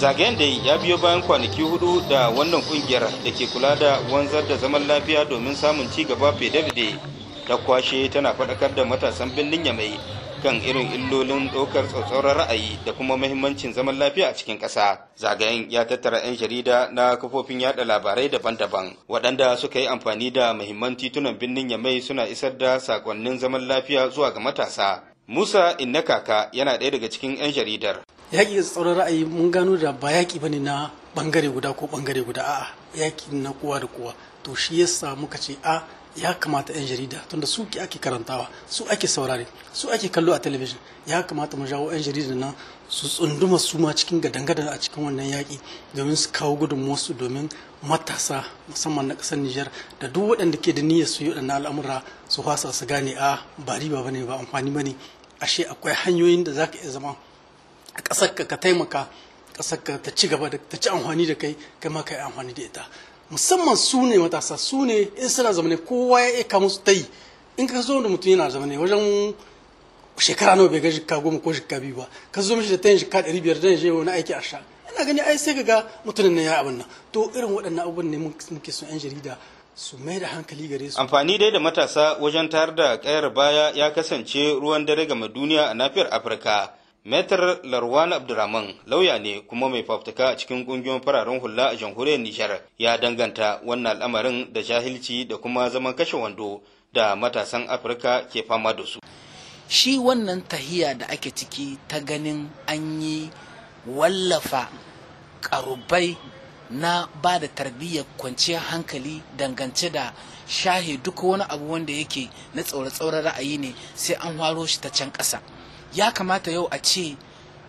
zagayen da ya biyo bayan kwanaki hudu da wannan kungiyar da ke kula da wanzar da zaman lafiya domin samun ci gaba fedavide ta kwashe tana faɗakar da matasan birnin yamai kan irin illolin ɗaukar tsatsauran ra'ayi da kuma mahimmancin zaman lafiya a cikin ƙasa. Zagayen ya tattara 'yan jarida na kafofin yaɗa labarai daban-daban waɗanda suka yi amfani da mahimman titunan birnin Yamai suna isar da sakonnin zaman lafiya zuwa ga matasa. Musa Inna Kaka yana ɗaya daga cikin 'yan jaridar. Yaƙi da ra'ayi mun gano da ba yaƙi bane na bangare guda ko bangare guda a'a yaƙi na kowa da kowa to shi yasa muka ce a ya kamata 'yan jarida tunda su ke ake karantawa su ake saurari su ake kallo a talabijin ya kamata mu jawo 'yan jarida nan su tsunduma su ma cikin gadangadan a cikin wannan yaƙi domin su kawo gudunmuwarsu domin matasa musamman na ƙasar Nijar da duk waɗanda ke da niyyar su yi waɗannan al'amura su fasa su gane a ah, ba riba ba ne ba amfani ba ne ashe akwai hanyoyin da za ka iya zama a ƙasar ka taimaka ƙasar ka ta ci gaba da ta ci amfani da kai kai ma ka yi amfani da ita musamman su ne matasa su ne in suna zamane kowa ya eka musu ta yi in ka zo da mutum yana zamane wajen shekara nawa bai ga shika goma ko shika biyu ba ka zo mishi da tayin shika ɗari biyar dan je wani aiki a sha ina gani ai sai ka ga mutumin nan ya abin nan to irin waɗannan abubuwan ne muke son 'yan jarida su mai da hankali gare su. Amfani dai da matasa wajen tar da kayar baya ya kasance ruwan dare game duniya a nafiyar Afirka. Metar Larwan Abdurrahman lauya ne kuma mai fafutuka a cikin kungiyoyin fararen hula a jamhuriyar Nijar ya danganta wannan al'amarin da jahilci da kuma zaman kashe wando da matasan Afirka ke fama da su. Shi wannan tahiya da ake ciki ta ganin an yi wallafa karubai na ba da tarbiyyar kwanciyar hankali dangance da shahe duk wani abu wanda yake na tsaure ra'ayi ne sai an waro shi ta can ƙasa. ya kamata yau a ce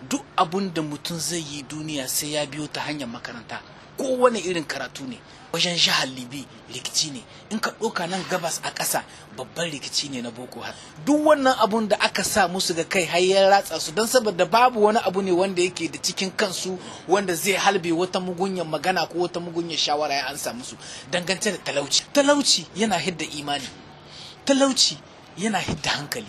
duk abun da mutum zai yi duniya sai ya biyo ta hanyar makaranta kowane irin karatu ne wajen jihar libi rikici ne in ka ɗauka nan gabas a ƙasa babban rikici ne na boko har duk wannan abun da aka sa musu ga kai har ya ratsa su don saboda babu wani abu ne wanda yake da cikin kansu wanda zai halbe wata mugunyar magana ko wata mugunyar shawara ya ansa musu dangance da talauci talauci yana hidda imani talauci yana hidda hankali